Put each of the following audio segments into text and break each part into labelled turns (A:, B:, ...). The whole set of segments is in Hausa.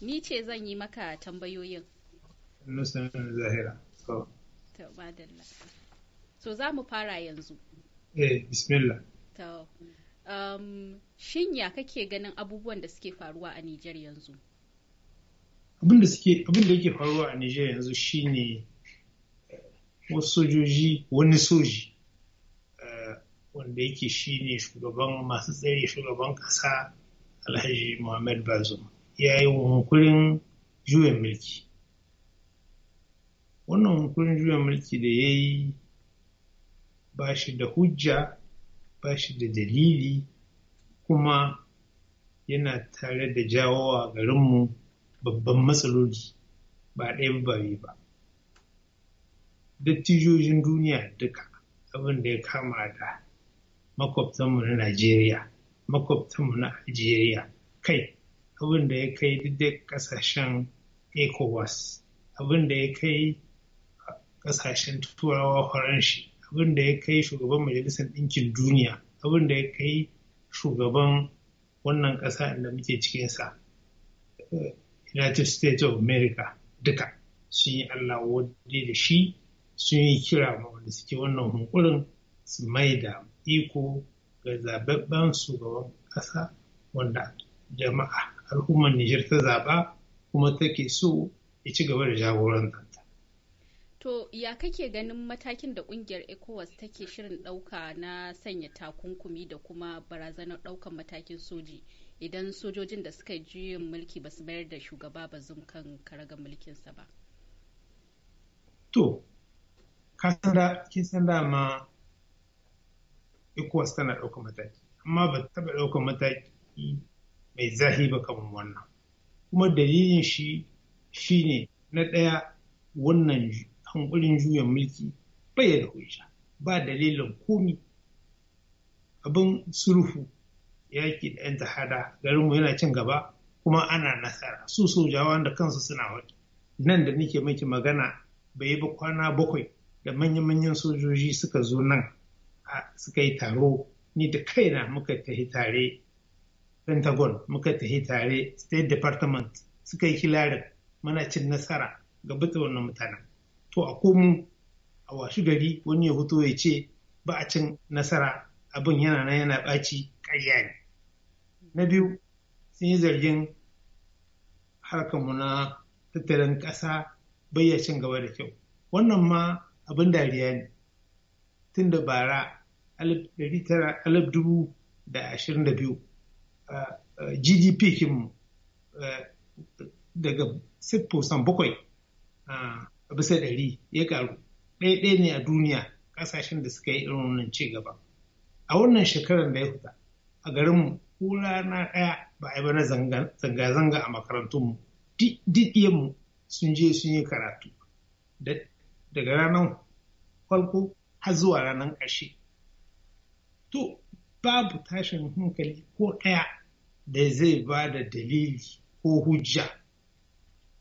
A: ni ce zan yi maka tambayoyin
B: nusan zahira so
A: so za mu fara yanzu
B: eh bismillah
A: um, shin ya kake ganin abubuwan da suke faruwa a Nijar yanzu
B: abin da yake faruwa a Nijar yanzu shine eh, wasu sojoji wani soji eh, wanda yake ne shugaban masu tsare shugaban ƙasa, Alhaji Muhammad Bazoum ya yi hunkurin juyin mulki wannan hunkurin juyin mulki da ya yi ba shi da hujja ba shi da dalili kuma yana tare da jawo jawowa garinmu babban matsaloli ba ɗaya ba biyu ba dattijojin duniya duka abin da ya kama da makwabtanmu na najeriya makwabtanmu na algeria kai abin da ya kai duk kasashen ecowas abin da ya kai kasashen turawa faranshi abin da ya kai shugaban majalisar ɗinkin duniya abin da ya kai shugaban wannan ƙasa da muke cikinsa united states of america duka sun yi allah wadda da shi sun yi kira ma wanda suke wannan hunkurin su mai da iko ga zababben shugaban ƙasa wanda jama'a al'ummar Nijar ta zaɓa kuma take so ya ci gaba da jagorantanta.
A: To ya kake ganin matakin da kungiyar ECOWAS take shirin ɗauka na sanya takunkumi da kuma barazanar ɗaukar matakin soji idan sojojin da suka juyin mulki ba su mayar da shugaba ba zum kan mulkin mulkinsa ba?
B: To, kin san dama ECOWAS tana ɗaukar mataki, amma ba taɓa ɗaukar mataki mai zahi ba kamar wannan kuma dalilin shi shine na ɗaya wannan hankulin juyan mulki bai da hujja ba dalilin komi abin sulhu yaki da yan tahada mu yana cin gaba kuma ana nasara su sojawa da kansu suna wata nan da nake miki magana bai ba kwana bakwai da manya-manyan sojoji suka zo nan suka yi taro ni da kaina muka tafi tare pentagon muka tafi tare state department suka yi hilarin mana cin nasara ga bata wannan mutanen to a komu a washi gari wani ya huto ya ce ba a cin nasara abin yana na yana ɓaci ƙarya ne na biyu sun yi zargin harkarmu na tattalin ƙasa cin gaba da kyau wannan ma abin dariya ne tun da bara dubu da 1922 Eh, eh, gdp kinmu eh, daga 6% bakwai a bisa ɗari ya karu ɗaya ne a duniya ƙasashen da suka yi irin wannan ci gaba a wannan shekarar da ya fita a garinmu ko na ɗaya ba a yi ba na zanga-zanga a makarantunmu mu sun je sun yi karatu daga ranar farko har zuwa ranar ƙarshe to babu tashin hankali ko ɗaya da zai ba da dalili ko hujja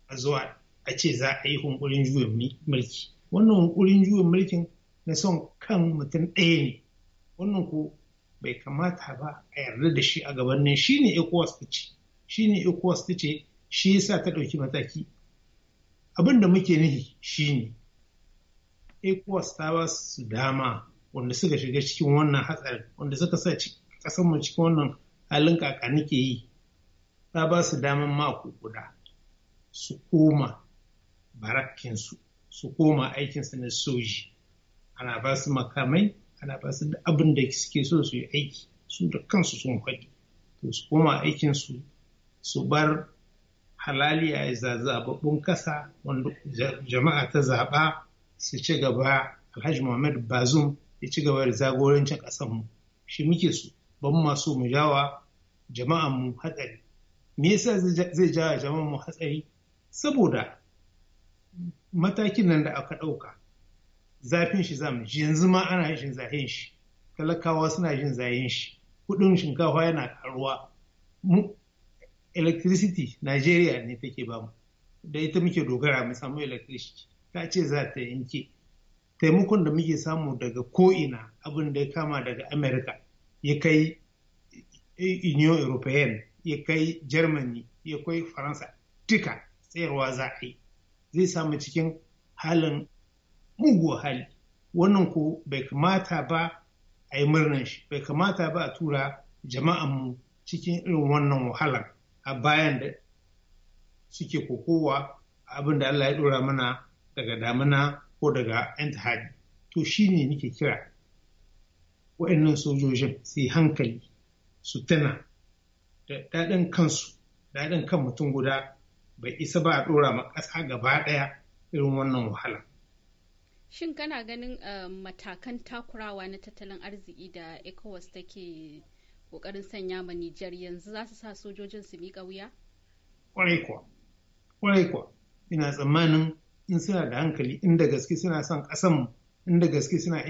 B: a zuwa a ce za a yi hunkurin juyin mulki wannan hunkurin juyin mulkin na son kan mutum ɗaya ne wannan ko bai kamata ba a yarda da shi a gaban nan shi ne ecowas ta ce shi ne ecowas ta ce shi ya sa ta ɗauki mataki abin da muke nihi shi ne ecowas ta ba su dama wanda suka shiga cikin wannan hatsarin wanda suka sa ƙasarmu cikin wannan halin kaka nake yi ta ba su daman mako guda su koma barakinsu su koma aikinsu na soji ana ba su makamai ana ba su abin da suke so su yi aiki su da kansu sun kwaɗi. to su koma aikinsu su bar halaliya ya zababbun kasa wanda jama'a ta zaɓa su ci gaba alhaji muhammad bazum ya ci gaba da zagorancin ƙasarmu shi muke so ba mu masu mu jawa jama'an mu hatsari me yasa zai jawa jama'an mu hatsari saboda matakin nan da aka ɗauka zafin shi zamu ji yanzu ma ana jin zahin shi talakawa suna jin zahin shi kudin shinkafa yana karuwa mu electricity Najeriya ne take ba mu da ita muke dogara mu samu electricity ta ce za ta yanke taimakon da muke samu daga ko'ina abin da ya kama daga Amerika ya kai union european ya kai germany ya kai faransa duka tsayarwa za a yi zai samu cikin halin muguwa hali wannan ko bai kamata ba a yi murnan shi bai kamata ba a tura jama'an mu cikin irin wannan wahalar a bayan da suke kokowa abin da Allah ya dora mana daga damina ko daga 'yan tahadi to shine nake kira waɗannan sojojin su yi hankali su tana da daɗin kansu daɗin kan mutum guda bai isa ba a ɗora ma ƙasa gaba ɗaya irin wannan wahala.
A: Shin kana ganin eh, matakan takurawa na tattalin arziki da ECOWAS take ƙoƙarin sanya ma Nijar yanzu za su sa sojojin su miƙa wuya?
B: Ƙwarai kuwa, ina tsammanin in suna da hankali inda gaske suna son ƙasanmu, inda gaske suna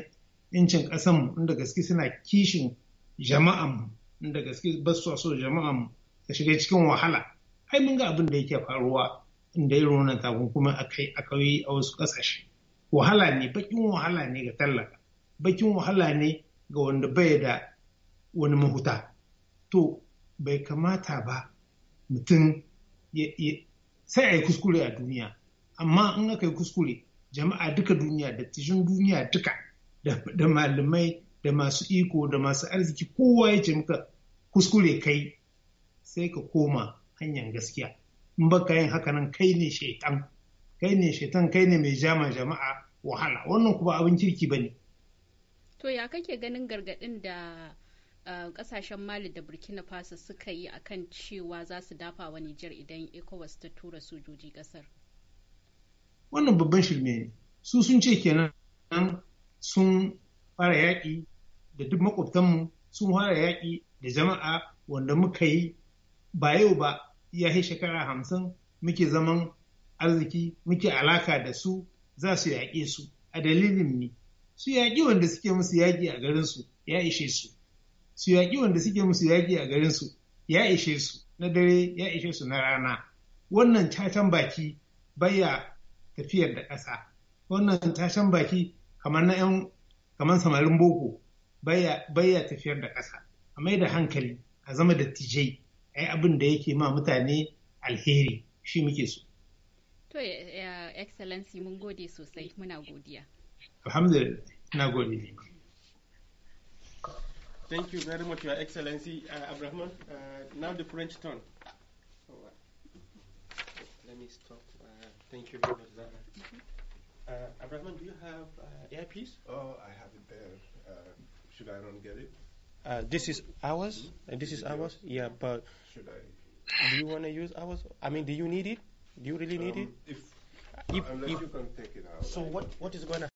B: Yancin ƙasanmu inda gaske suna kishin jama'anmu inda gaske ba su so jama'anmu ta shiga cikin wahala ai mun ga abin da yake faruwa inda irin wannan takunkumin akai akai a wasu ƙasashe wahala ne bakin wahala ne ga tallaka bakin wahala ne ga wanda bai da wani mahuta to bai kamata ba mutum sai a yi kuskure a duniya amma in aka yi kuskure jama'a duka duniya da tijin duniya duka da malamai da masu iko da masu arziki kowa ya ce maka kuskure kai sai ka koma hanyar gaskiya in baka yin haka nan kai ne shaitan kai ne shaitan kai ne mai jama jama'a wahala wannan kuma abin kirki ba ne
A: to ya kake ganin gargadin da kasashen eh, mali da burkina faso suka yi akan cewa za su dafa wa nijar idan ecowas ta tura sojoji kasar
B: wannan babban shirme ne su sun ce kenan sun fara yaƙi da duk makwabtanmu sun fara yaƙi da jama'a wanda muka yi ba yau ba ya yi shekara hamsin muke zaman arziki muke alaka da su za su yaƙe su a dalilin ne su yaƙi wanda suke musu yaƙi a garinsu ya ishe su su yaƙi wanda suke musu yaƙi a garinsu ya ishe su na dare ya ishe su na rana wannan tashan baki baya tafiyar da ƙasa wannan tashan baki kamar na 'yan kamar samarin boko baya tafiyar da ƙasa a mai da hankali a zama da tijai a yi abin da yake ma mutane alheri shi muke so
A: to ya excellency mun gode sosai muna godiya
B: alhamdulillah na gode ne Thank you very much, Your Excellency uh, abraham Uh, now the French turn. Oh, uh, let me stop. uh, thank you very much, Zara. Mm -hmm. Uh, Abrahman, do you have uh, AIPs? Oh, I have it there. Uh, should I not get it? Uh, this is ours, mm-hmm. and uh, this is, is ours. Yeah, but should I? Do you want to use ours? I mean, do you need it? Do you really um, need it? Um, if, if, if, you can take it out. So what, what is going to